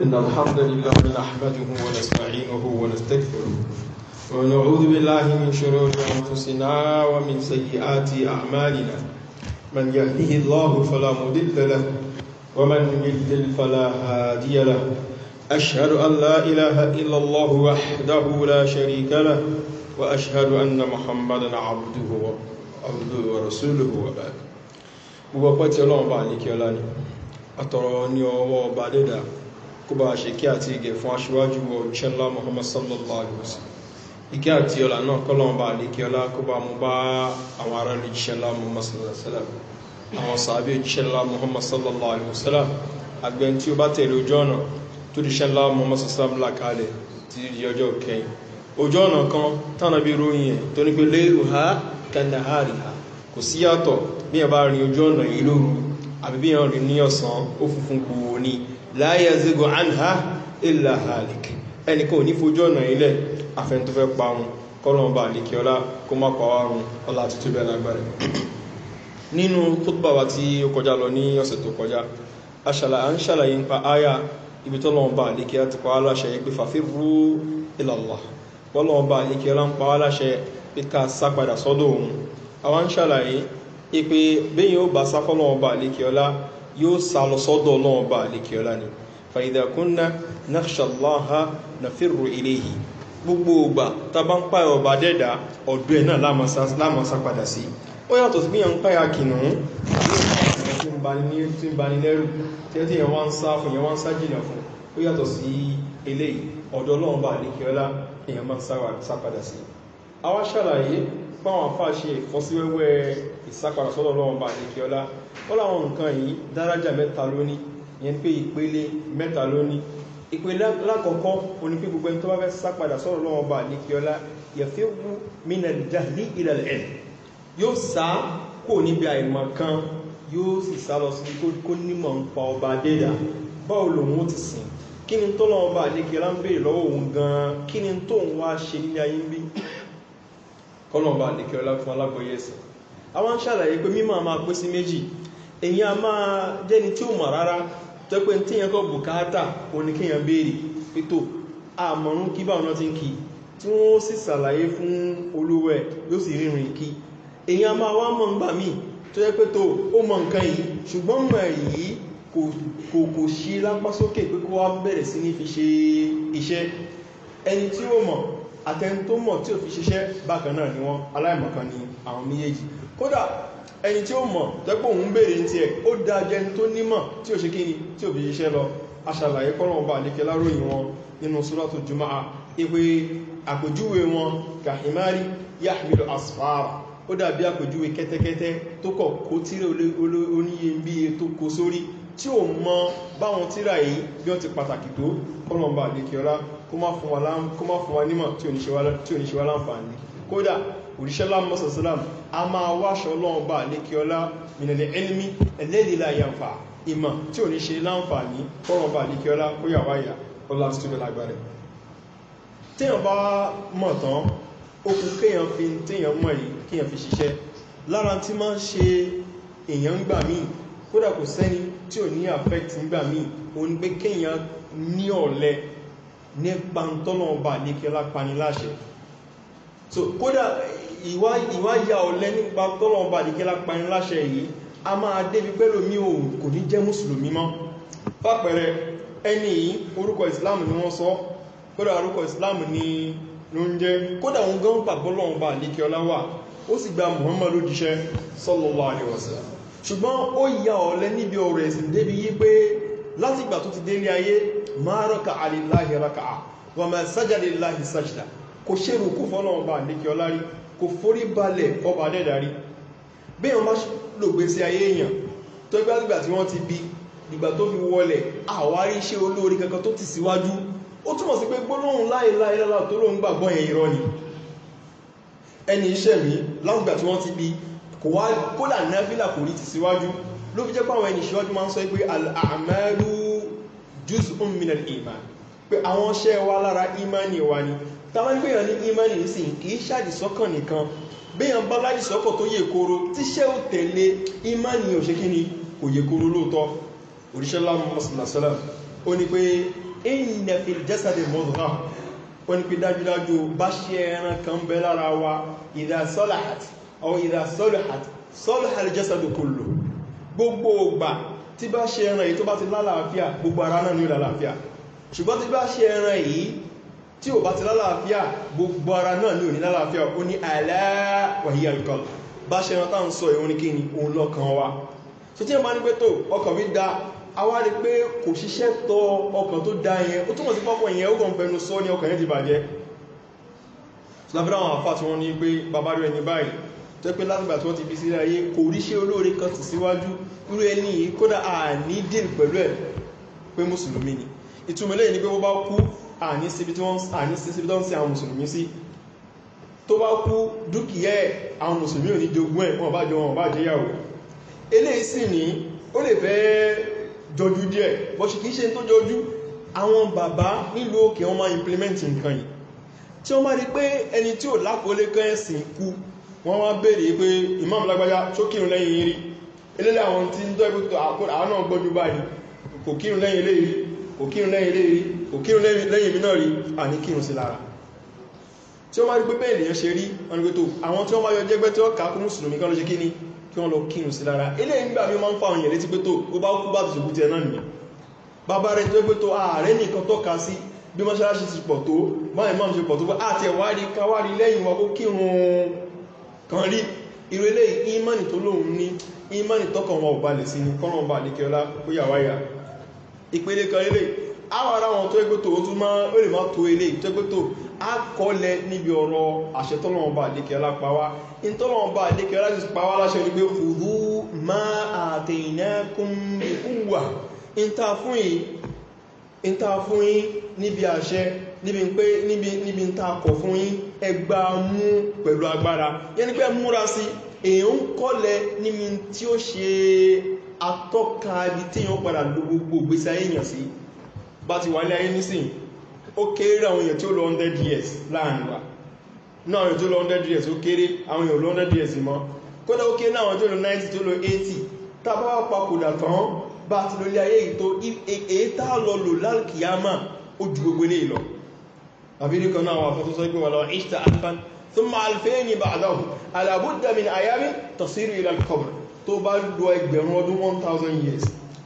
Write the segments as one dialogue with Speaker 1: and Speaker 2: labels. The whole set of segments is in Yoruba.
Speaker 1: إن الحمد لله نحمده ونستعينه ونستغفره ونعوذ بالله من شرور أنفسنا ومن سيئات أعمالنا من يهده الله فلا مضل له ومن يضلل فلا هادي له أشهد أن لا إله إلا الله وحده لا شريك له وأشهد أن محمدا عبده عبده ورسوله وبعد gbogbo ọpẹ́ tí Ọlọ́run bá ní kí ọlá kó bá ṣe kí àti ìgẹ̀ fún aṣíwájú wọ ṣẹlá sallallahu alaihi wasallam ìgẹ́ àti ọlá náà kọ́lọ́n bá lè kí ọlá kó bá mú bá àwọn sallallahu alaihi wasallam àwọn sàábẹ̀ ṣẹlá muhammad sallallahu alaihi wasallam àgbẹ̀n tí ó bá tẹ̀lé ojú ọ̀nà tó di ṣẹlá muhammad sallallahu alaihi wasallam làkàlẹ̀ ti di ọjọ́ kẹyìn ojú ọ̀nà kan tánà bí ròyìn ẹ̀ tó ní pé lérò ha kandahari ha kò síyàtọ̀ bí ẹ bá rin ojú ọ̀nà yìí àbíbí yàn rí ní ọ̀sán ó funfun kú òní láyé zigo anha illa halik ẹnìkan ò ní fojú ọ̀nà ilẹ̀ àfẹn tó fẹ́ pa wọn kọ́lọ̀ọ̀bà àdíkíọ́lá kó má pa àrùn ọlá tuntun bẹ́ẹ̀ lágbàrẹ̀ nínú kútùbà wa tí ó kọjá lọ ní ọ̀sẹ̀ tó kọjá a ń ṣàlàyé nípa àyà ibi tọ́lọ̀ọ̀bà àdíkíọ́lá ti pa á láṣẹ pé fàfírú ìlàlá wọ́lọ̀ọ̀bà àdíkíọ́lá ń pa á pé ká sá padà sọ́dọ̀ òun àwọn ń ṣàlàyé ipe bẹ́yìn ó bá sáfọ́ lọ́wọ́ bá àlékè ọlá yóò sá lọ sọ́dọ̀ lọ́wọ́ bá àlékè ọlá ni fàìdàkúnná náṣàláha nàfírù iléyìí gbogbo ògbà tàbá ń pààyà ọba dẹ́dà ọ̀dọ́ ẹ̀ náà lámasá padà sí ó yàtọ̀ sí bíyàn ń pààyà kìnnìún tí ń bani lẹ́rù tí ó ti yẹn wá ń sá fún yẹn wá ń sá jìnà fún ó yàtọ̀ sí eléyìí ọ̀dọ́ ọlọ́run bá àlékè ọlá èèyàn máa ń sá padà sí àwa ṣàlàyé báwọn afá ṣe ìfọ́síwẹ́wẹ́ ìsápàdà sọ́dọ̀ ọlọ́run bá ní kíọ́lá ó láwọn nǹkan yìí dárájà mẹ́ta lóní ìyẹn pé ìpele mẹ́ta lóní ìpele lákọ̀ọ́kọ́ oní pé gbogbo ẹni tó bá fẹ́ sápàdà sọ́dọ̀ ọlọ́run bá ní kíọ́lá yẹ̀fẹ́ wú mínẹ̀ dàní ilẹ̀ ẹ̀ yóò sá kò níbi àìmọ̀ kan yóò sì sá lọ sí kó nímọ̀ ń pa ọba adéda báwo lòun ti sìn kí ni tó lọ́wọ́ bá ní kíọ́lá ń béèrè lọ́wọ́ òun gan-an kí ni tó ń wá ṣe nílé ayé ń bí kọ́lọ̀mbà àdíkẹ́ ọlá fún alágbọ́yé ẹ̀sìn àwọn ṣàlàyé pé mímọ̀ máa pín sí méjì èyàn a máa jẹ́ni tí ó mọ̀ rárá tó pé tí yẹn kọ́ bùkátà oníkíyàn béèrè pító àmọ̀rún kí bá ọ̀nà ti ń kí tí wọ́n sì ṣàlàyé fún olúwẹ̀ yóò sì rírin kí èyàn a máa wá mọ̀ ń gbà mí tó yẹ pé tó ó mọ nǹkan yìí ṣùgbọ́n mọ̀ yìí kò kò ṣí lápá sókè pé kó wá bẹ̀rẹ̀ sí ní fi ṣe iṣẹ́ ẹni tí ó mọ̀ àtẹni tó mọ̀ tí ò fi ṣiṣẹ́ bákan náà ni wọ́n aláìmọ̀kan ni àwọn méjèèjì kódà ẹni tí ó mọ̀ tẹ́pọ̀ òun bèèrè ti ẹ̀ ó dá jẹni tó nímọ̀ tí ò ṣe kí ni tí ò fi ṣiṣẹ́ lọ aṣàlàyé kọ́rọ̀ ọba àlékẹ́ láròyìn wọn nínú sọ́lọ́tò jumaa ìwé àpòjúwe wọn kàhìmárì yahmilu asfara ó dàbí àpòjúwe kẹ́tẹ́kẹ́tẹ́ tó kọ̀ kó tíra oníye bí i tó kó sórí tí ò mọ báwọn tíra yìí bí wọ́n ti pàtàkì tó kọ́rọ̀ ọba àlékẹ́ ọlá kó má fún wa nímọ̀ tí ò ní ṣe wá láǹfààní kódà òrìṣẹ́lá mọ́sàsílám a máa wáṣọ lọ́ọ̀bà lékiọlá ìnàlẹ̀ ẹlmi ẹlẹ́dìlá yàǹfà ìmọ̀ tí ò ní ṣe láǹfààní fọ́rọ̀bà lékiọlá ó yàwáyà ọlá tí ó lágbàrẹ̀ téèyàn bá mọ̀ tán okùn kéèyàn fi téèyàn kódà kò sẹ́ni tí ò ní affect nígbà òun pé kéèyàn ní ọ̀lẹ nípa tọ́lọ̀ọba àlékẹ́lá paniláṣẹ so kódà ìwá ya ọ̀lẹ́ nípa tọ́lọ̀ọba àlékẹ́lá paniláṣẹ yìí a máa débi pẹ́lú mi ò kò ní jẹ́ mùsùlùmí mọ́ pápẹ̀rẹ̀ ẹni orúkọ islam ni wọ́n sọ kódà orúkọ islam ni ló ń jẹ́ kódà òun gan pàgbọ́lọ̀ọba àlékẹ́lá wà ó sì gba muhammadu jíṣẹ́ sallallahu alaihi wasallam ṣùgbọ́n ó ya ọ̀lẹ́ níbi ọ̀rọ̀ ẹ̀sìn débi yí pé láti ìgbà tó ti délé ayé máa rọ́ka aliláhi raka wọ́n máa sájàlè láhi sájìdá kò ṣèrò kú fọ́nà ọba àlékí ọlárí kò forí balẹ̀ ọba dẹ́darí bí wọ́n bá lògbé sí ayé èèyàn tó gbá ìgbà tí wọ́n ti bí ìgbà tó fi wọlẹ̀ àwárí iṣẹ́ olóorí kankan tó ti síwájú ó túnmọ̀ sí pé gbólóhùn ló fi jẹ́ pàwọn ẹni ṣíwájú máa ń sọ pé al'amalu juz'un min al-iman pé àwọn ṣẹ́ wa lára imani wa ni tàbí pé èèyàn ní imani nísìn kìí ṣàdìsọ́kàn nìkan béèyàn bá ládìsọ́kàn tó yè koro tíṣẹ́ ò tẹ̀lé imani ò ṣe kí ni kò yè koro lóòótọ́ òṣìṣẹ́ lámọ́sílásílá ó ní pé inna fil jasadi gbogbo ògbà tí bá ṣe ẹran yìí tó bá ti lálàáfíà gbogbo ara náà ní ìlàlàáfíà ṣùgbọ́n tí bá ṣe ẹran yìí tí ò bá ti lálàáfíà gbogbo ara náà ní ìlàlàáfíà ó ní aláwàhíyà nǹkan bá ṣe ní kí ni òun lọ́kàn wa so tí ẹ máa da àwa rí pé kò ṣiṣẹ́ tọ ọkàn tó da yẹn ó túmọ̀ sí pọ́pọ̀ yẹn ó kàn fẹnu sọ ní ọkàn yẹn ti bàjẹ́ ní pé bàbá rẹ̀ ní tó pé látìgbà tí wọ́n ti fi sílẹ̀ ayé kò ríṣẹ́ olóore kan sì síwájú irú ẹni yìí kódà àní dìl pẹ̀lú ẹ̀ pé mùsùlùmí ni ìtumọ̀ lẹ́yìn ni pé wọ́n bá kú àní síbi tí wọ́n sí àwọn mùsùlùmí sí tó bá kú dúkìá ẹ̀ àwọn mùsùlùmí ò ní jogún ẹ̀ wọ́n bá jọ wọn bá jẹ́ yàwó eléyìí sì ní ó lè fẹ́ jọjú díẹ̀ bọ́ ṣe kìí ṣe tó jọjú àwọn bàbá nílùú òkè wọ́n máa implement nǹkan yìí tí wọ́n máa rí pé ẹni tí ò lákòólé kan ẹ̀sìn kú wọ́n wá bèèrè pé imam lágbájá tó kírun lẹ́yìn rí eléyìí àwọn tí ń tọ́ ìbú tó àwọn náà gbọ́jú báyìí kò kírun lẹ́yìn ilé rí kò kírun lẹ́yìn ilé rí kò kírun lẹ́yìn ibi náà rí à ní kírun sí lára tí wọ́n bá rí pé bẹ́ẹ̀ lèyàn ṣe rí wọn ni pé tó àwọn tí wọ́n bá yọ jẹ́gbẹ́ kí wọ́n lọ kírun sí lára eléyìí nígbà mi máa ń fa òyìn létí pé tó ó bá kú bá tòṣèkú tiẹ̀ náà nìyẹn bàbá rẹ̀ tó pé tó ààrẹ nìkan tọ́ka sí bí mọ́ṣáláṣí ti pọ̀ tó báyìí máa ń ṣe pọ̀ tó bá àti ẹ̀wárí káwárí lẹ́yìn wa kó kírun kan rí irú ilé ìmánì tó lóun ní ìmánì tọ́kàn wọn ọba lè sí ní kọ́rọ̀ ọba lè kẹrọlá kó ya ìpele kan ilé àwọn ará wọn tó ẹgbẹ́ tó tún máa ó lè máa tó ilé tó ẹgbẹ́ tó á kọ́lẹ̀ níbi ọ̀rọ̀ àṣẹ tọ́lọ̀ ọba lè kẹrọlá pa wá in tọ́lọ̀ ọba lè ni pé níbi pé níbi níbi ta kọ̀ fún yín ẹgbà mú pẹ̀lú agbára yẹn ni pé múra sí èèyàn kọ́lẹ̀ níbi tí ó ṣe atọ́ka ibi tí èèyàn padà lo gbogbo ìgbésí ayé èèyàn sí bá ti wà ní ayé nísìn ó kéré àwọn èèyàn tí ó lọ 100 years láàrin wa náà àwọn èèyàn tó lọ 100 years ó kéré àwọn èèyàn lọ 100 years mọ́ kódà ó kéré àwọn tó lọ 90 tó lọ 80 tàbá papòdà tán bá ti lórí ayé ìtò èyí tá lọ lò lálùkìyàmà ó gbogbo eléyìí lọ àbírí kan náà wà fún tó sọ pé wọ́n lọ ìṣtà alfan thumma alfayni ba'dahu ala budda min ayamin tasiru ila 1000 years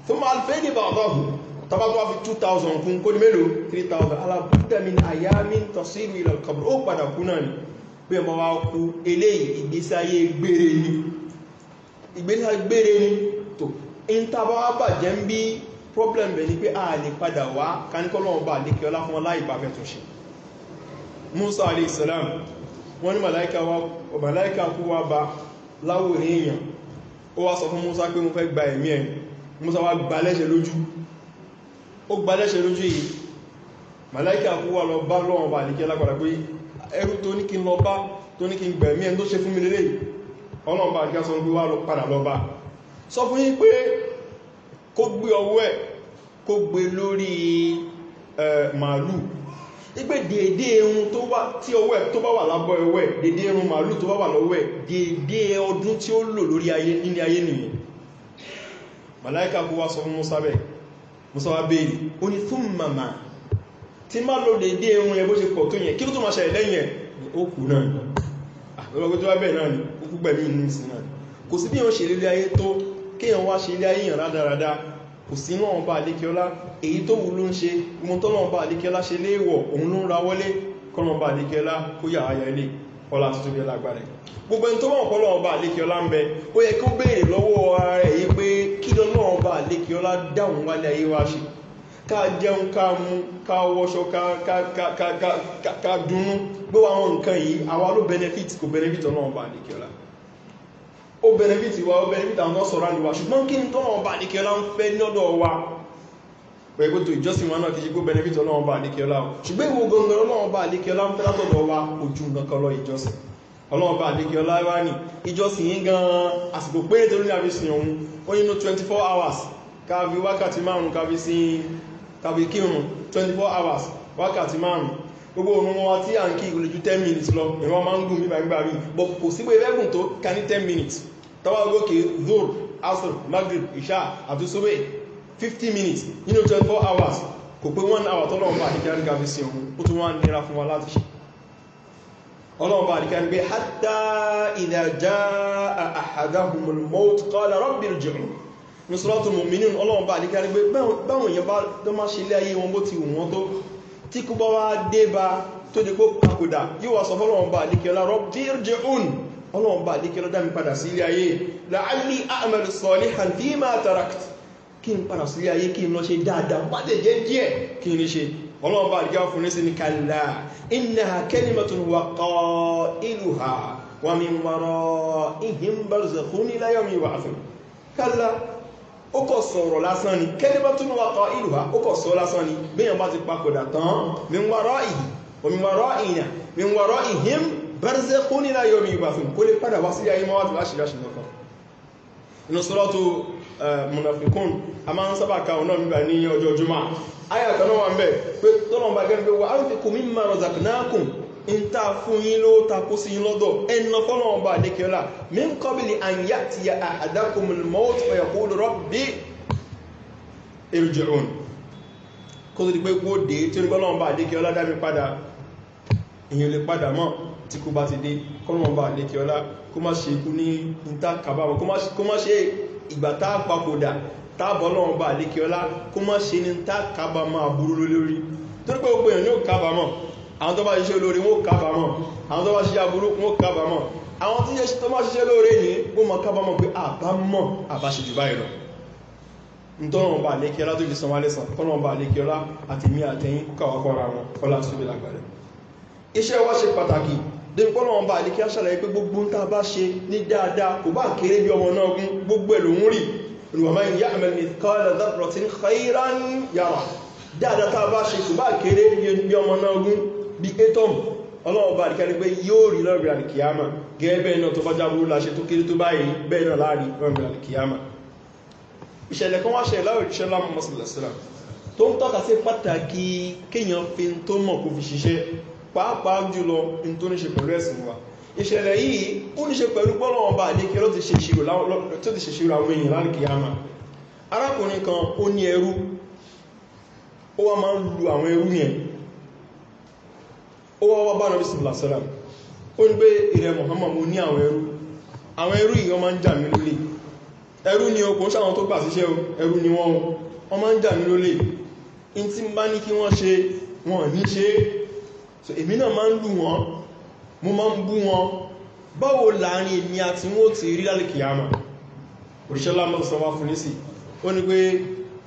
Speaker 1: ثم ألفين ba'dahu tàbá tó wá fi 2000 kún kó ní mélòó 3000 ala budda min ayamin tasiru ila al-qabr ó oh, padà kú náà ni bí ọmọ wa kú eléyìí ìgbésí ayé gbére ni ìgbésí ayé gbére ni tó ìntàbáwá bàjẹ́ ń problem bẹ̀ ni pé a lè padà wá kánikọ́lọ́wọ́ bá lékẹ́ ọlá fún ọlá ìbáfẹ́ tó ṣe musa alaihissalam wọ́n ní màláíkà kú wá bá láwòrán èèyàn ó wá sọ fún musa pé mo fẹ́ gba ẹ̀mí ẹ̀ musa wá gba lẹ́ṣẹ̀ lójú ó gba lẹ́ṣẹ̀ lójú yìí màláíkà kú wá lọ bá lọ́wọ́n bá àlíkẹ́ lágbàdà pé ẹrú tó ní kí n lọ bá tó ní kí n gbẹ̀mí ẹ̀ tó ṣe fún mi lélẹ́yìí ọlọ́run bá àlíkẹ́ sọ pé wá lọ padà lọ bá sọ fún yín pé kó gbé ọwọ́ ẹ̀ kó gbé lórí màálù ipe dèédé irun tó wà tí ọwọ́ ẹ̀ tó bá wà lábọ́ ẹwẹ́ dèédé irun màálù tó bá wà lọ́wọ́ ẹ̀ dèédé ọdún tí ó lò lórí ayé nílé ayé nìyẹn màláìka kó wá sọ fún musabe. bẹ́ẹ̀ musa wá béèrè ó ní fún màmá tí má lò dèédé irun yẹn bó ṣe pọ̀ tó yẹn kí ló tó máa ṣẹlẹ̀ lẹ́yìn ẹ̀ ó kú náà àbẹ̀lọ́gbẹ́ tó wá bẹ́ẹ̀ náà ni ó kú gbẹ̀mí ìlú ìsìn náà kò sí bí èèyàn ṣe lé ayé tó kéèyàn wá ṣe lé ayé yàn rádaràda kò sí náà ọba àlékiọlá èyí tó wù ló ń ṣe ìmọ̀ tọ́lọ̀ ọba àlékiọlá ṣe léèwọ̀ òun ló ń ra wọlé kọ́lọ̀ ọba àlékiọlá kó yà áyà ilé ọlá tuntun bí lágbàrẹ̀ gbogbo ẹni tó wọ́n pọ́lọ̀ ọba àlékiọlá ń bẹ ó yẹ kó béèrè lọ́wọ́ ara rẹ̀ yí pé kí lọ́lọ́ ọba àlékiọlá dáhùn wálé ayé wá ṣe ká jẹun ká mu ká wọṣọ ká dùnnú gbé àwọn nǹkan yìí àwa ló benefit kò benefit ọlọ́ọ̀ba àlékiọlá ó benefit wa ó benefit àwọn surround wa ṣùgbọ́n kí ní ọba àdíkẹ́lá ń fẹ́ ní ọ̀dọ̀ wa pẹ̀lú tó ìjọsìn wa náà kìí benefit ọba àdíkẹ́lá ṣùgbọ́n ìwò gangan ọlọ́run ọba àdíkẹ́lá ń fẹ́ wa ojú nǹkan lọ ìjọsìn gbogbo òun wọn tí à ń kí ìrìnlẹ̀ 10 minutes lọ ìwọ́n máa ń gùn mí gbàgbà rí but kò sí pé ẹgbẹ́gùn tó ká ní 10 minutes tọwọ́ gòkè zoro asr maghrib isha àtúnṣúwé 50 minutes you nínú 24 hours kò pé 1 hour tọ́lọ́wọ́n bá àdíkà nígbà fi sí ohun ó tún wá nira fún wa láti ṣe ọlọ́wọ́n bá àdíkà nígbà hatta idha jaa ahadahumul maut qala rabbil ji'un nusratul mu'minun ọlọ́wọ́n bá àdíkà nígbà báwọn yẹn bá tó má ṣe ilé ayé wọn bó ti wù wọn tó tí kú bá wá dé bá tó dé kó pàkòdà yíò wà sọ fọ́lọ́wọ́n bá àdíkẹ́ ọlá rọ́ bí rẹ̀ òun ọlọ́wọ́n bá àdíkẹ́ lọ́dá mi padà sí ilé ayé láàrín àmàlù sọ̀lẹ̀ hàndí máa tarakt kí n padà sí ilé ayé kí n lọ ṣe dáadáa bá lè ó kọ̀ sọ̀rọ̀ lásán ni kẹ́lẹ́bá tó wà kọ ìlú ha ó kọ̀ sọ lásán ni bíyàn bá ti papòdà tán mi ń wárọ́ ìyí omi wárọ́ ìyà mi ń wárọ́ kó nílá yóò ìgbà fún kó lè padà wá sí ayé mọ́ eh, munafikun a máa ń sábà ka ọ̀nà nígbà ní ọjọ́ jùmọ̀ ayé àtọ́nà wà ń bẹ̀ pé in ta fún yín ló takó sí yín lọ́dọ̀ ẹnà fọ́nà ọba àdékẹ́ọ́lá mi ń kọ́bìlì àyà ti ya àdákùnmọ̀tò ọ̀yàkó lọ́rọ̀ bí èròjẹ̀rún kó tó di pé kó dé tí ó ní kọ́nà ọba àdékẹ́ọ́lá dá mi padà èyàn lè padà mọ́ tí kó bá ti dé kọ́nà ọba àdékẹ́ọ́lá kó má ṣe ikú ní ìta kàbámọ̀ kó má ṣe ìgbà tá a papòdà táàbọ̀ náà ọba àdékẹ́ọ́lá kó má ṣe ní ìta kàbámọ̀ àwọn tó bá ṣiṣẹ́ olóore wọ́n kábàámọ̀ àwọn tó bá ṣiṣẹ́ aburú wọ́n kábàámọ̀ àwọn tí tó bá ṣiṣẹ́ olóore yìí wọ́n mọ̀ kábàámọ̀ pé àbámọ̀ àbáṣe jù báyìí lọ ntọ́nà ọba àlékiọlá tó jẹ́ sanwó alẹ́sàn kọ́nà ọba àlékiọlá àti mí àtẹ́yìn kọwàá kọ́ra wọn kọ́lá wa ṣe pàtàkì débi kọ́nà ọba àlékiọlá ṣàlàyé pé gbogbo ń tàbá ṣe ní dáadáa kò bá kéré bí ọmọ náà gún gbogbo ẹ̀ lòún rì olùwàmá yìí tàbá ṣe kò bá kéré bí ọmọ náà gún bí atom ọlọ́ọ̀bá àríkẹ́ ní pé yóò rí lọ́rìn àríkìyàmà gẹ́gẹ́ bẹ́ẹ̀ náà tó bá jábúrú láṣẹ tó kéré tó báyìí bẹ́ẹ̀ náà láàrin lọ́rìn àríkìyàmà ìṣẹ̀lẹ̀ kan wá ṣe láwòrìṣẹ́ lámù mọ́sílẹ̀sílẹ̀ tó ń tọ́ka sí pàtàkì kéèyàn fi ń tó mọ̀ kó fi ṣiṣẹ́ pàápàá jùlọ in tó ní ṣe pẹ̀lú ẹ̀sìn wa ìṣẹ̀lẹ̀ yìí ó ní ṣe pẹ̀lú bọ́lọ̀wọ̀n ṣe ṣírò àwọn èèyàn lálùkìyàmà arákùnrin kan ó ní ẹrú ó wá máa ń lu àwọn ẹrú yẹn ó wá bá nàbí sàlásàlá ó ní pé ìrẹ Muhammad mo ní àwọn ẹrú àwọn ẹrú yìí wọ́n ń jà mí lólè ẹrú ni okùn sáwọn tó gbà síṣẹ́ ẹrú ni wọ́n wọ́n máa ń jà mí lólè in tí bá ní kí wọ́n ṣe wọ́n ní ṣe so èmi náà máa ń lù wọ́n mo máa ń bú wọn báwo láàrin èmi àti wọ́n ti rí lálẹ́kì àmà òṣìṣẹ́ lámọ́sánwá fún nísì ó ní pé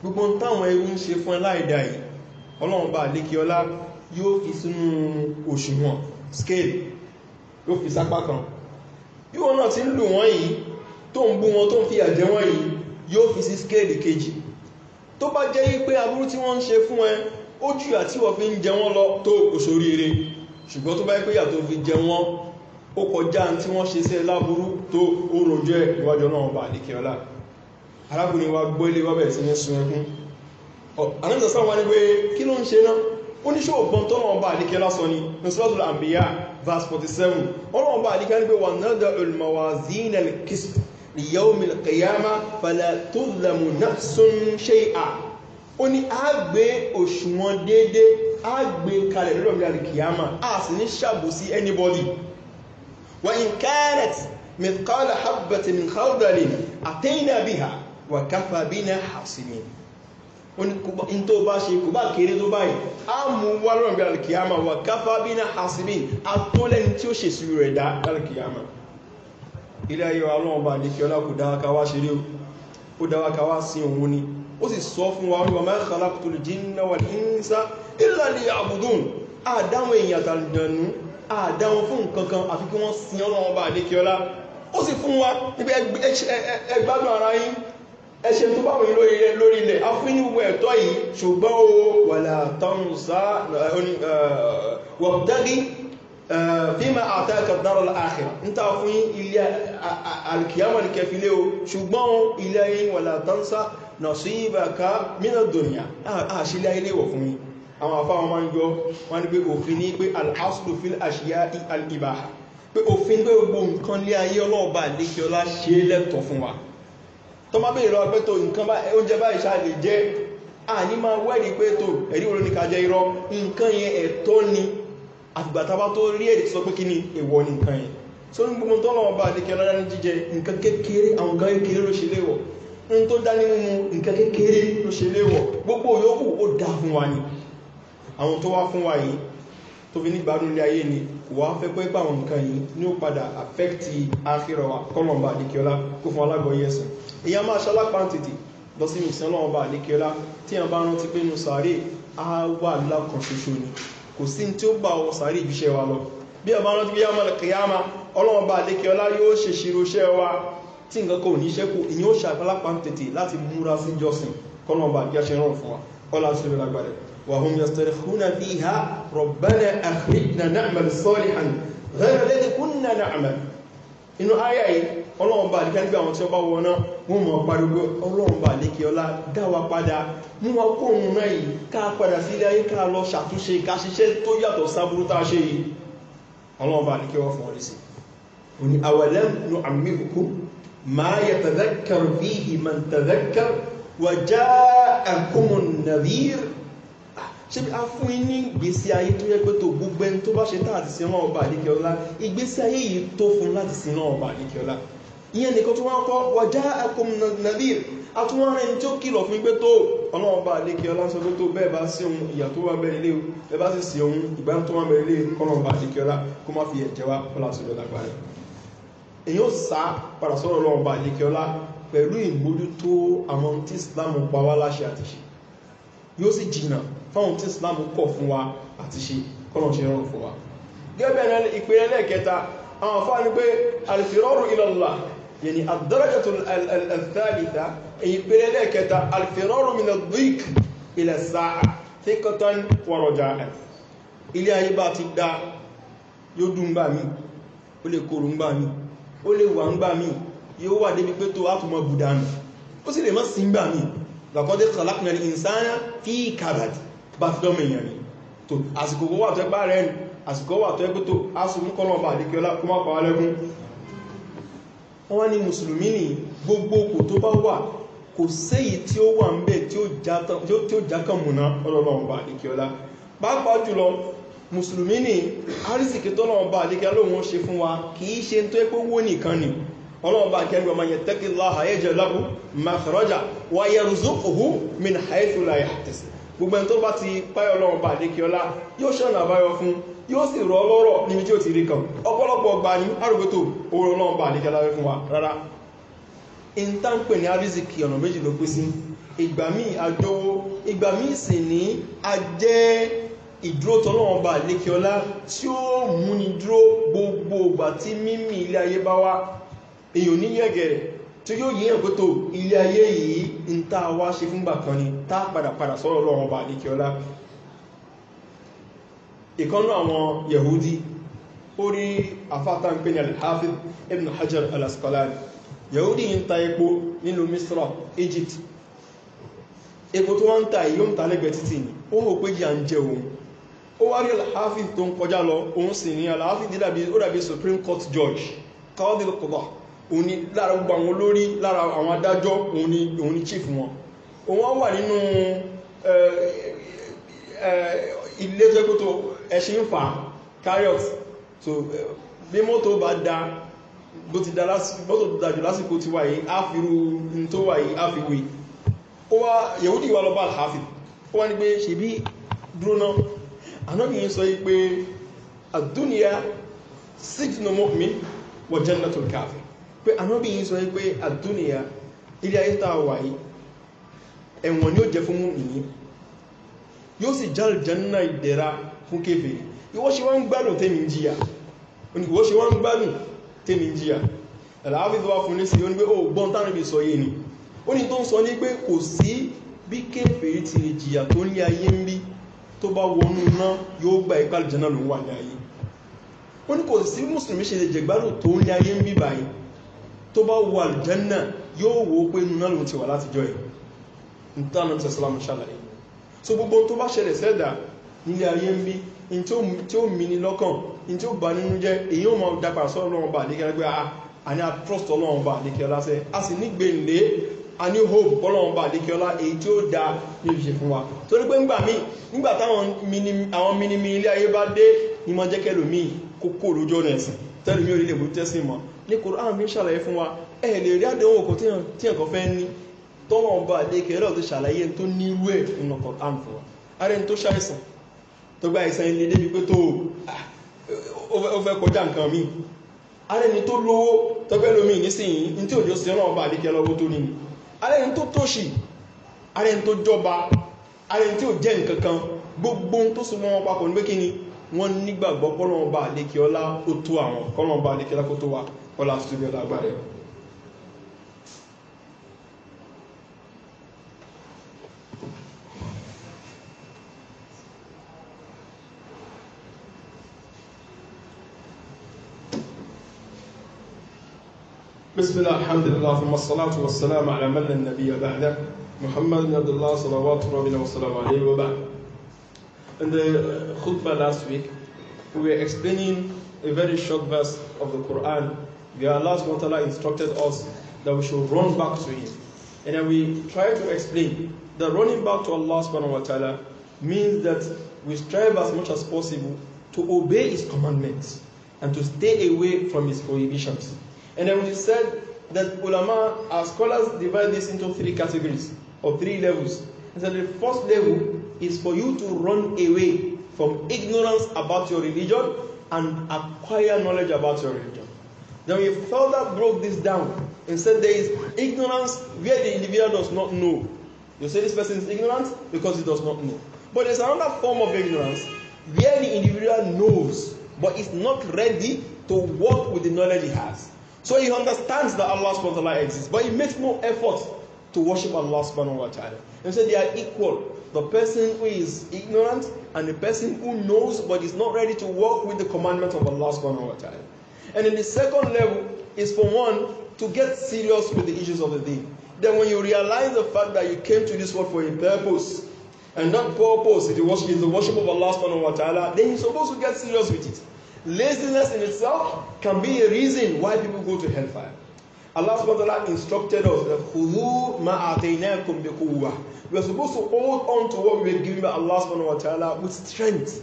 Speaker 1: gbogbo táwọn ẹrú ń ṣe fún ẹláìdá yìí ọlọ́run bá lékè yóò fi sínú òṣùwọ̀n scale yóò fi sápá kan bí wọn náà ti ń lù wọ́n yìí tó ń bú wọn tó ń fi àjẹ́ wọ́n yìí yóò fi sí scale kejì tó bá jẹ́ pé aburú tí wọ́n ń ṣe fún ẹ ó jù àti wọ́n fi ń jẹ wọ́n lọ tó òṣòríire ṣùgbọ́n tó bá yẹ pé yàtọ̀ fi jẹ wọ́n ó kọjá tí wọ́n ṣe sí ẹ láburú tó ó rojọ́ ẹ ìwájọ́ náà bà ní kíọ́lá arákùnrin wa gbọ́ ilé wa bẹ̀rẹ̀ sí ní sun ẹkún àníṣàṣà wa ni pé kí ló ń ṣe náà oníṣòwò gbọ́n tó lọ́wọ́ bá àdíkẹ́ lásán ni nusratul ambiya verse 47 ọlọ́wọ́ bá àdíkẹ́ ní pé wà náà da'ul mawazin al-qist li yawm al-qiyama fala tuzlamu nafsun shay'a ó ní àgbé òṣùwọ̀n a sì anybody wa in kanat mithqala habbati min khardalin atayna biha wa in tó bá ṣe kò bá kéré tó báyìí a mú wá lọ́rọ̀ bí alkiyama wà káfá bí na hasibi a tó lẹ́ni tí ó ṣe sí rẹ̀ dá alkiyama ilé ayé wa ọlọ́run bá ní kí ọlá kò dáwà káwá ṣe rí ó dáwà káwá sí òun ni ó sì sọ fún wa wíwá máa kàlá kò tó lè jí nínú wà ní sá ìlàlẹ̀ àbùdùn àdáwọn èèyàn àtàlùdànù àdáwọn fún nǹkan kan àfi kí wọ́n sin ọlọ́run bá ní kí ọlá ó sì fún wa níbi ẹgbádùn ara yín ẹ ṣe tó báwọn lórí rẹ lórí ilẹ̀ afúnníwò ẹ̀tọ́ yìí ṣùgbọ́n o wàlà tánzá wọ̀dárí fíìmà àtàkà dára láàkì ń ta fún ilé alkiyama ní kẹfilé o ṣùgbọ́n ilé ayé wàlà tánzá nà sí ìbàká mínà dòníà àṣílẹ̀ ayé wọ̀ fún àwọn afáwọn máa ń yọ wọ́n ní pé tó má bèèrè lọ pé tó nǹkan oúnjẹ báyìí ṣá lè jẹ́ àní máa wẹ́rí pé tó ẹ̀rí oró ní kàjẹ irọ́ nǹkan yẹn ẹ̀tọ́ ni àfìgbàtàbá tó rí èdè tó sọ pé kí ni èwọ̀ ni nǹkan yẹn so ní gbogbo tó lọ́wọ́ bá adékẹ́ rárá ní jíjẹ nǹkan kékeré àwọn nǹkan kékeré ló ṣe léwọ̀ ní tó dá nínú nǹkan kékeré ló ṣe léwọ̀ gbogbo yòókù ó dáa fún wa ni àwọn tó wá fún wa yìí tó fi ní gbádùn ayé ni wà á fẹ́ pé pàwọn nǹkan yìí ní ó padà àfẹ́kìtì àfihàn wa kọ́lọ̀mbà àdékíọ́lá kó fún alágbọ̀ọ́yé ẹ̀sìn èyàn máa ṣalápá tètè lọ sí ìsìn ọlọ́ọ̀bà àdékíọ́lá tí a bá rántí pé inú sàárè á wà lákan ṣoṣo ni kò wa lọ bí a bá rántí pé yàmà kìyàmà ọlọ́ọ̀bà àdékíọ́lá yóò ṣe ṣirò iṣẹ́ nǹkan kò ní ṣẹ́kù ìyẹn ó ṣàpálápá tètè láti múra sí jọ́sìn kọ́lọ̀mbà àdékíọ́ṣẹ́ rán fún wa ọlá sí ìrẹ́lágbàdẹ̀ وهم يصرخون فيها ربنا أخرجنا نعمل صالحا غير الذي كنا نعمل inú ayá yìí ọlọ́run bá lè kẹ́ àwọn tí ó bá wọná wọ́n mọ̀ pàdúgbò ọlọ́run bá lè kí ọlá dáwà padà mú wọn kó òun náà yìí ká padà sí ilé ayé ká lọ ṣàtúnṣe ká ṣiṣẹ́ tó yàtọ̀ sábúrú tá a ṣe yìí ọlọ́run bá lè wọ́n fún ọ lẹ́sìn òní àwẹ̀lẹ́ nu àmì òkú máa yẹ tẹ̀lẹ́kẹ̀rù bí ìmọ̀ tẹ̀lẹ́kẹ̀rù wà já ẹ̀kúnmù nàvír ṣé a fún yín ní ìgbésí ayé tó yẹ pé tó gbogbo ẹni tó bá ṣe tán àti sinú ọba àdékẹ́ ọlá ìgbésí ayé yìí tó fún láti sinú ọba àdékẹ́ ọlá ìyẹn nìkan tó wọ́n kọ́ wọjá ẹkùn nàbír àtúwọ́rẹ́ ní tí ó kìlọ̀ fún pé tó ọlọ́ọ̀bá àdékẹ́ ọlá sọ pé tó bẹ́ẹ̀ bá sí ohun ìyà tó wà bẹ́ẹ̀ ilé ẹ bá sì sí ohun ìgbà tó wà bẹ́ẹ̀ ilé e, ọlọ́ọ̀bá àdékẹ́ kó má fi ẹ̀jẹ̀ wá ọlá sọ̀rọ̀ lágbàrẹ̀ èyí ó sá padà sọ́rọ̀ ọlọ́ọ̀bá àdékẹ́ pẹ̀lú ìmójútó àwọn tí Islam pa wá láṣẹ àtìṣe yóò sì jìnnà fáwọn tí islam kọ̀ fún wa àti ṣe kọ́nà ṣe rọrùn fún wa gẹ́gẹ́ bẹ̀rẹ̀ ìpínlẹ̀ lẹ́ẹ̀kẹta àwọn afáà ní pé alfirọ́rù ilallah yẹni àdọ́rẹ́jọ́tò alfẹ́lìta ìpínlẹ̀ lẹ́ẹ̀kẹta alfirọ́rù minadhik ilẹ̀ sáà tí kọtán wọ́rọ̀já ẹ̀ ilé ayé bá ti dá yóò dùn gbà mí ó lè kòrò ń gbà mí fi kabad bá fi dọ́mọ èèyàn ni tó àsìkò wà tó ẹgbà rẹ̀ ni àsìkò wà tó ẹgbẹ́ tó asùnmú kọlọ̀mbà àdíkẹ́ọlá kó má pa wá lẹ́kún wọ́n ní mùsùlùmí ní gbogbo kò tó bá wà kò sẹ́yì tí ó wà ń bẹ̀ tí ó jákàn múná ọlọ́lọ́mbà àdíkẹ́ọlá pàápàá jùlọ mùsùlùmí ní àrísìkì tọ́lọ́mbà àdíkẹ́ọlá lòun ṣe fún wa kì ṣe tó ẹgbẹ́ owó nìkan ni ọlọ́ọ̀bá kẹrin ọmọ yẹn tẹ́kìlá àyẹ́jẹ̀ lọ́pù mẹ́fẹ́rọ́jà wáyé rúzùkùhù min haifula yàtẹ̀sì gbogbo ẹni tó bá ti páyọ̀ ọlọ́run bá àdékíọlá yóò ṣọ̀nà àbáyọ fún yóò sì rọ ọlọ́rọ̀ níbi tí ó ti rí kan ọ̀pọ̀lọpọ̀ ọgbà ní àrògbótò owó ọlọ́run bá àdékíọlá fún wa rárá ìntànpè ní arizikì ọ̀nà méjì ló pín sí ìgbà míì àjọwó ìgbà míì sì ní ajẹ́ ìdúró tọ́lọ́wọ́n bá lékiọlá tí ó tí yóò yí ẹ̀kọ́ tó ilé ayé yìí ń tá a wá ṣe fúngbà kan ni tá padà sọ́rọ̀ lọ́wọ́ bá ní kíọ́lá ìkanú àwọn yahudi ó rí afáta ń pè ní al-hafid ibn hajar al-asqalani yahudi ń ta epo nínú misra egypt epo tó wọ́n ń ta yíò ń ta lẹ́gbẹ̀ẹ́ títì ní ó mọ̀ pé jíà ń jẹ òun ó wá rí al-hafid tó ń kọjá lọ òun sì ní al-hafid supreme court judge qadi al-qadha òun ni lára gbogbo àwọn olórí lára àwọn adájọ́ òun ni òun ni chief wọn òun wà nínú ilé tó kó tó ẹṣin ń fà carrot so bí mọ́tò bá da bó ti da mọ́tò tó dájú lásìkò ti wà áfìrú tó wà áfìwé ó wá yẹ̀wúdì wà lọ́bà àfì ó wá ní pé ṣe bí dúró náà anábìyàn sọ yìí pé àdúnìyà síjìnà mọ́mí wọ̀ jẹ́ nàtòlùkàfì pé anábì yìí sọ pé àdúnìyà ilé ayé tàà wà yìí ẹ̀wọ̀n ni ó jẹ fún nìyí yóò sì jẹ́ àlùjánnà ìdẹ̀ra fún kèfèrí ìwọ́ ṣe wọ́n ń gbádùn tẹ́mi jíyà ìwọ́ ṣe wọ́n ń gbádùn tẹ́mi jíyà aláàfíìsọ́wà fún ní sí ó ní pé ó gbọ́n tánàbí sọ yé ni ó ní tó ń sọ ní pé kò sí bí kèfèrí ti lè jìyà tó ní ayé ń bí tó bá wọnú náà yóò gba ìpàlùjánnà ló wà ní ayé ó ní kò sí mùsùlùmí ṣe lè jẹ gbádùn tó ní ayé ń bí báyìí tó bá wà aljanna yóò wò ó pé nínú náà ló ti wà látijọ́ ẹ̀ nítànà tí sàlámù ṣàlàyé so gbogbo tó bá ṣẹlẹ̀ sẹ́dà nílé ayé ń bí in tí ó mini lọ́kàn in tí ah, a trust ọlọ́run bá àlékẹ́ ọlá sẹ́ a sì nígbè lé a ní hope ọlọ́run bá àlékẹ́ ọlá èyí tí ó da ní ìṣe fún wa torí pé ńgbà míì nígbà táwọn mini mini ilé ayé bá dé ni mo jẹ́ kẹlòmíì kókó lójú ọ̀nà ẹ̀sìn tẹ́lòmíì orílẹ̀-èdè ní koran mi ṣàlàyé fún wa ẹ lè rí àdéhùn òkú tí ẹ̀kọ́ fẹ́ ní tọ́lọ̀ ọba àdékẹ́ ẹ̀rọ tó ṣàlàyé tó ní irú ẹ̀ nínú koran fún wa ara ẹni tó ṣàìsàn tó gba ìsàn ilé débi pé tó ó fẹ́ kọjá nǹkan mi ara ẹni tó lówó tọ́gbẹ́ lomi nísìnyí ní tí òjò sí ọlọ́ọ̀ba àdékẹ́ lọ́wọ́ tó ní ara ẹni tó tòṣì ara ẹni tó jọba ara ẹni tí ò jẹ́ nǹkan kan gbogbo tó sún mọ́ wọn papọ̀ ní pé kí ni wọ́n nígbàgbọ́ kọ́lọ́ọ̀ba àdékẹ́ ولا أكتب الأبار بسم الله الحمد لله ثم الصلاة والسلام على من النبي بعده محمد بن عبد الله صلوات ربنا والسلام عليه وبعد. In the uh, khutbah last week, we were explaining a very short verse of the Quran are, Allah subhanahu instructed us that we should run back to Him. And then we try to explain that running back to Allah subhanahu means that we strive as much as possible to obey His commandments and to stay away from His prohibitions. And then we said that ulama, our scholars divide this into three categories or three levels. And so the first level is for you to run away from ignorance about your religion and acquire knowledge about your religion. Then we further broke this down and said there is ignorance where the individual does not know. You say this person is ignorant because he does not know. But there's another form of ignorance where the individual knows but is not ready to work with the knowledge he has. So he understands that Allah subhanahu wa ta'ala exists, but he makes no effort to worship Allah subhanahu wa ta'ala. And so they are equal. The person who is ignorant and the person who knows but is not ready to work with the commandment of Allah subhanahu wa ta'ala. And in the second level is for one to get serious with the issues of the day. Then when you realize the fact that you came to this world for a purpose, and that purpose is the worship, is the worship of Allah subhanahu wa ta'ala, then you're supposed to get serious with it. Laziness in itself can be a reason why people go to hellfire. Allah subhanahu wa ta'ala instructed us that we are supposed to hold on to what we were given by Allah subhanahu wa ta'ala with strength.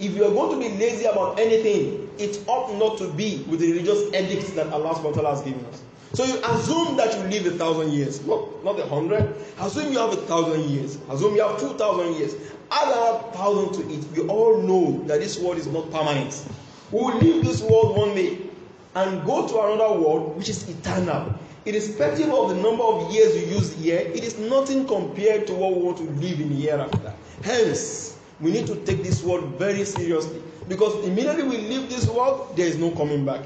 Speaker 1: if you are going to be lazy about anything, it ought not to be with the religious edicts that Allah subhanahu wa ta'ala has given us. So you assume that you live a thousand years, not, not a hundred. Assume you have a thousand years. Assume you have two thousand years. Add another thousand to it. We all know that this world is not permanent. We will leave this world one day and go to another world which is eternal. Irrespective of the number of years you use here, it is nothing compared to what we want to live in after. Hence, We need to take this world very seriously because immediately we leave this world, there is no coming back.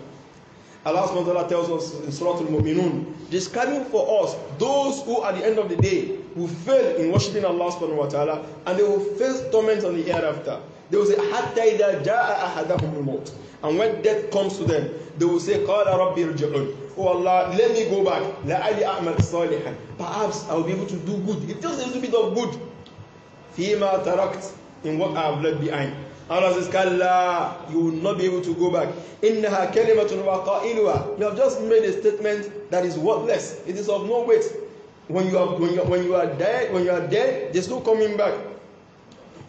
Speaker 1: Allah Subhanahu wa Taala tells us in Surah Al-Mu'minun, describing for us those who at the end of the day will fail in worshiping Allah subhanahu wa ta'ala and they will face torment on the hereafter. They will say, Hatta ida ja'a ahadahum al-maut. And when death comes to them, they will say, Qala rabbi irji'un. Oh Allah, let me go back. La'ali a'mal salihan. Perhaps I will be able to do good. It just a little bit of good. Fima tarakt. in what I have left behind. Allah says, Kalla, you will not be able to go back. Innaha kalimatun waqa'iluha. You have just made a statement that is worthless. It is of no weight. When you are, when you when you are dead, when you are dead, there's no coming back.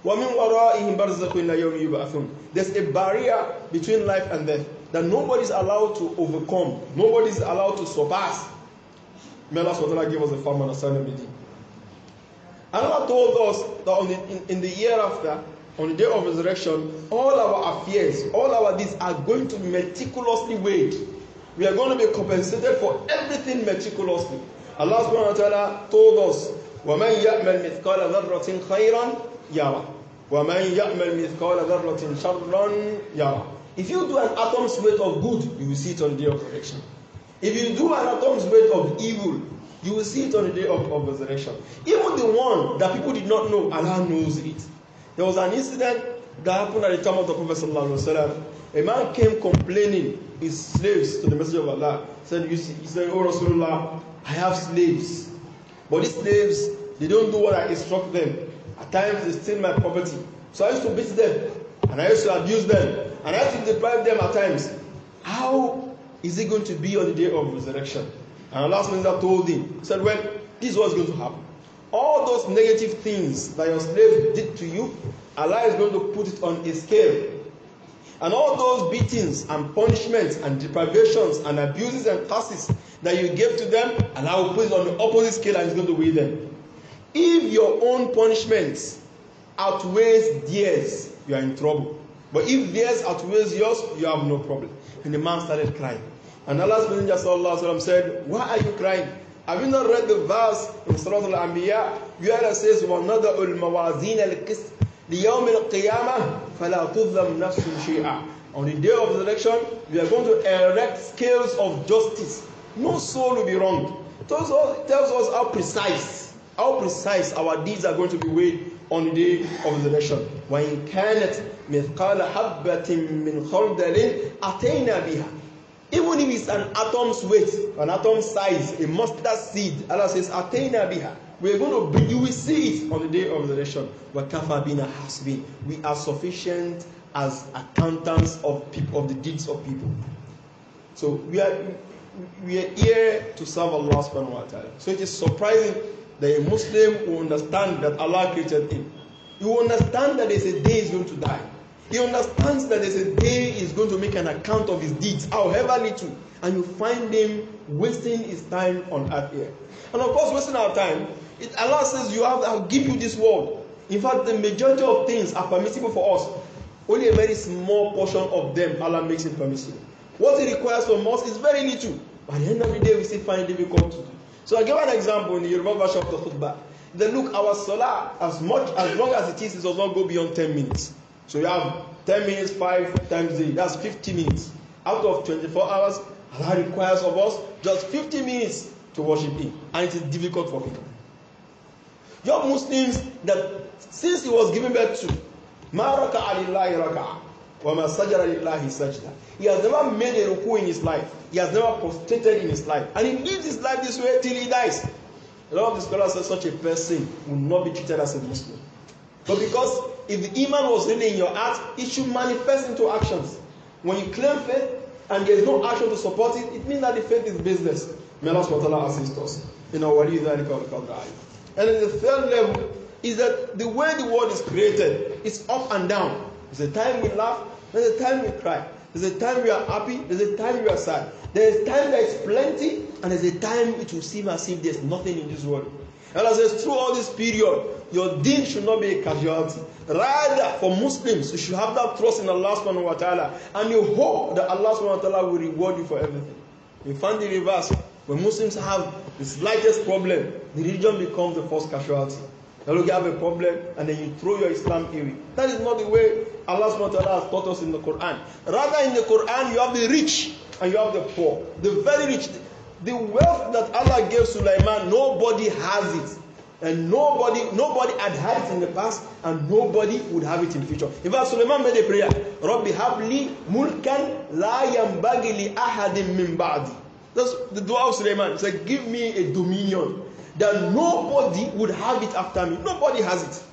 Speaker 1: وَمِنْ وَرَائِهِمْ بَرْزَخُ إِلَّا يَوْمِ يُبْعَثُونَ There's a barrier between life and death that nobody is allowed to overcome. Nobody is allowed to surpass. May Allah subhanahu wa ta'ala give us a firm understanding of Allah told us that on the, in, in the year after, on the day of resurrection, all our affairs, all our deeds are going to be meticulously weighed. We are going to be compensated for everything meticulously. Allah subhanahu wa ta'ala told us, وَمَنْ يَأْمَلْ مِثْقَالَ ذَرَّةٍ خَيْرًا يَرَى وَمَنْ يَأْمَلْ مِثْقَالَ ذَرَّةٍ شَرًّا يَرَى If you do an atom's weight of good, you will see it on the day of resurrection. If you do an atom's weight of evil, You will see it on the day of, of resurrection. Even the one that people did not know, Allah knows it. There was an incident that happened at the time of the Prophet. Sallallahu A man came complaining his slaves to the message of Allah. Said, you see, he said, Oh Rasulullah, I have slaves. But these slaves, they don't do what I instruct them. At times they steal my property. So I used to beat them and I used to abuse them and I used to deprive them at times. How is it going to be on the day of resurrection? And last minister told him, said, well, this was going to happen. All those negative things that your slave did to you, Allah is going to put it on a scale. And all those beatings and punishments and deprivations and abuses and curses that you gave to them, Allah will put it on the opposite scale and is going to weigh them. If your own punishments outweighs theirs, you are in trouble. But if theirs outweighs yours, you have no problem. And the man started crying. And Allah's Messenger Sallallahu وسلم, said, Why are you crying? Have you not read the verse in Surah Al Anbiya You had it says, وَنَضَعُ الْمَوَازِينَ الْقِسْطِ لِيَوْمِ الْقِيَامَةِ فَلَا تُظْلَمْ نَفْسٌ شَيْئًا On the day of the election, we are going to erect scales of justice. No soul will be wrong. It also tells us how precise, how precise our deeds are going to be weighed on the day of the election. وَإِنْ كَانَتْ مِثْقَالَ حَبَّةٍ مِّنْ خَرْدَلٍ أَتَيْنَا بِهَا even if it's an atom's weight an atom's size a mustard seed Allah says atayna biha we are going to bring you will see it on the day of resurrection wakafa bina hasbin we are sufficient as accountants of people of the deeds of people so we are we are here to serve Allah subhanahu wa ta'ala so it is surprising that a Muslim will understand that Allah created him you understand that there's a day he's going to die He understands that there's a day he's going to make an account of his deeds, however little, and you find him wasting his time on earth here. And of course, wasting our time, it, Allah says, you have, I'll give you this world. In fact, the majority of things are permissible for us. Only a very small portion of them Allah makes it permissible. What He requires from us is very little. By the end of the day, we still find it difficult to do. So I give an example in the Yoruba version of the khutbah. Then look, our salah, as much as long as it is, it does not go beyond ten minutes. So you have ten minutes, five times a day. That's fifty minutes. Out of twenty-four hours, Allah requires of us just fifty minutes to worship Him. And it is difficult for people. Your Muslims that since He was given birth to, مَا رَكَعَ لِلَّهِ رَكَعَ وَمَا سَجَرَ لِلَّهِ سَجْدَ He has never made a ruku in his life. He has never prostrated in his life. And he lives his life this way till he dies. A lot of the scholars say such a person will not be treated as a Muslim. But because if the iman was really in your heart, it should manifest into actions. When you claim faith and there is no action to support it, it means that the faith is business. May Allah SWT assist us. You know, what is that And then the third level is that the way the world is created is up and down. There's a time we laugh, there's a time we cry, there's a time we are happy, there's a time we are sad. There is time there is plenty, and there's a time it will seem as if there's nothing in this world. Allah says, through all this period, your deen should not be a casualty. Rather, for Muslims, you should have that trust in Allah subhanahu wa ta'ala. And you hope that Allah subhanahu wa ta'ala will reward you for everything. You find the reverse. When Muslims have the slightest problem, the religion becomes the first casualty. Now you have a problem and then you throw your Islam away. That is not the way Allah subhanahu wa ta'ala has taught us in the Quran. Rather, in the Quran, you have the rich and you have the poor. The very rich, The wealth that Allah gave Sulaiman, nobody has it. And nobody, nobody had had it in the past, and nobody would have it in the future. In fact, Sulaiman made a prayer. Rabbi habli mulkan la yambagi li min ba'di. That's the dua of Sulaiman. It's like, give me a dominion that nobody would have it after me. Nobody has it.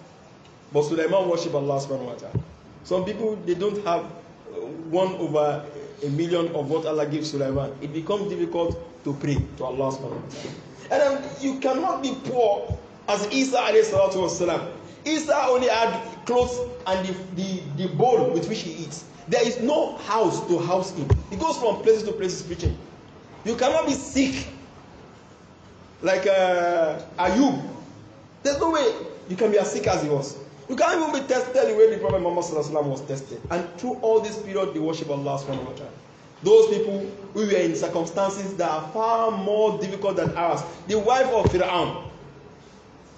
Speaker 1: But Sulaiman worship Allah subhanahu wa ta'ala. Some people, they don't have uh, one over a million of what Allah gives Sulaiman, it becomes difficult to pray to Allah subhanahu And um, you cannot be poor as Isa alayhi salatu wasalam. Isa only had clothes and the, the, the bowl with which he eats. There is no house to house him. He goes from places to places preaching. You cannot be sick like uh, Ayub. There's no way you can be as sick as he was. We can't even be tested the way the Prophet Muhammad was tested. And through all this period, they worship Allah subhanahu wa ta'ala. Those people who were in circumstances that are far more difficult than ours. The wife of Fir'aun.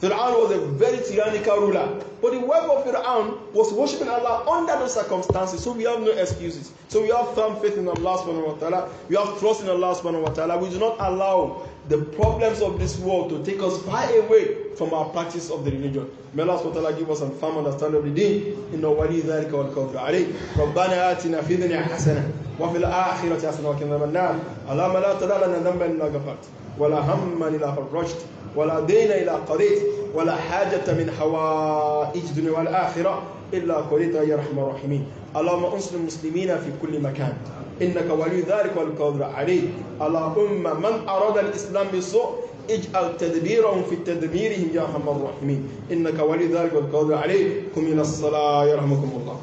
Speaker 1: Fir'aun was a very tyrannical ruler. But the wife of Fir'aun was worshiping Allah under those circumstances. So we have no excuses. So we have firm faith in Allah subhanahu wa ta'ala. We have trust in Allah subhanahu wa ta'ala. We do not allow the problems of this world to take us far away from our practice of the religion. May Allah SWT give us a firm understanding of the deen. إِنَّ وَلِي ذَلِكَ وَالْقَوْلُ عَلَيْهِ رَبَّنَا آتِنَا فِي الدُّنْيَا حَسَنَةً وَفِي الْآخِرَةِ حَسَنَةً وَقِنَا عَذَابَ النَّارِ اللهم لا تدع لنا ذنبا إلا غفرت ولا هما إلا فرجت ولا دينا إلا قضيت ولا حاجة من حوائج الدنيا والآخرة إلا قضيتها يا رحمة الراحمين اللهم انصر المسلمين في كل مكان إنك ولي ذلك والقدر عليه اللهم من أراد الإسلام بسوء اجعل تدبيرهم في تدبيرهم يا أرحم الراحمين إنك ولي ذلك والقدر عليه قم إلى الصلاة يرحمكم الله